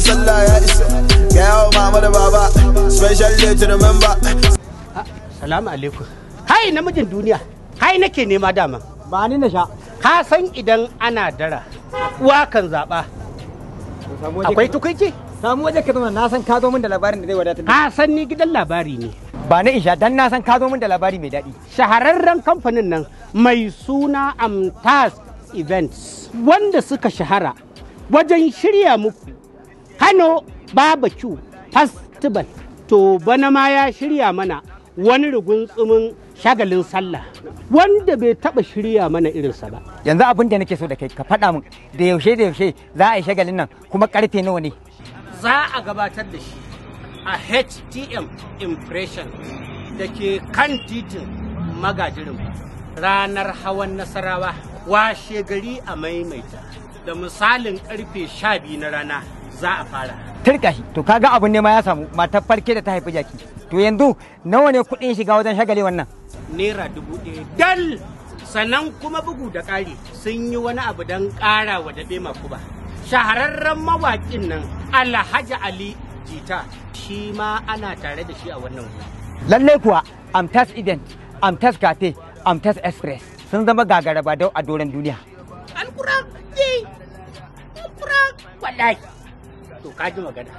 kiran sallah ya isa ga yawo mama da baba special day to remember salamu alaikum hai namijin duniya hai nake nema dama ba ni na sha ka san idan ana dara uwa kan zaba akwai tukunki samu waje ka zama na san ka zo min da labarin da zai wadata ka san ni gidan labari ne ba na isha dan na san ka zo min da labari mai daɗi shahararren kamfanin nan mai suna amtas events wanda suka shahara wajen shirya muku Kano barbecue festival to bana ma ya shirya mana wani tsumin shagalin sallah wanda bai taba shirya mana irinsa ba. Yanzu abin da nake so da kai ka faɗa min da yaushe da yaushe za a yi shagalin nan kuma karfe nawa ne. Za a gabatar da shi a HTM impression da ke kan titin magajirin ranar hawan nasarawa washe gari a maimaita da misalin karfe 12 na rana. za a fara turka shi to kaga abun ne ma ya samu mata farke da ta haifi jaki to yanzu nawa ne kuɗin shiga wajen shagali wannan naira dubu ɗaya dal sannan kuma bugu da ƙari sun yi wani abu don ƙara wa daɓe makuba shahararren mawaƙin nan alhaji ali jita shi ma ana tare da shi a wannan wuri lallai kuwa amtas ident amtas Kate, amtas express sun zama gagara dau a doron duniya alkura dai eh, alkura wallahi to ka ji magana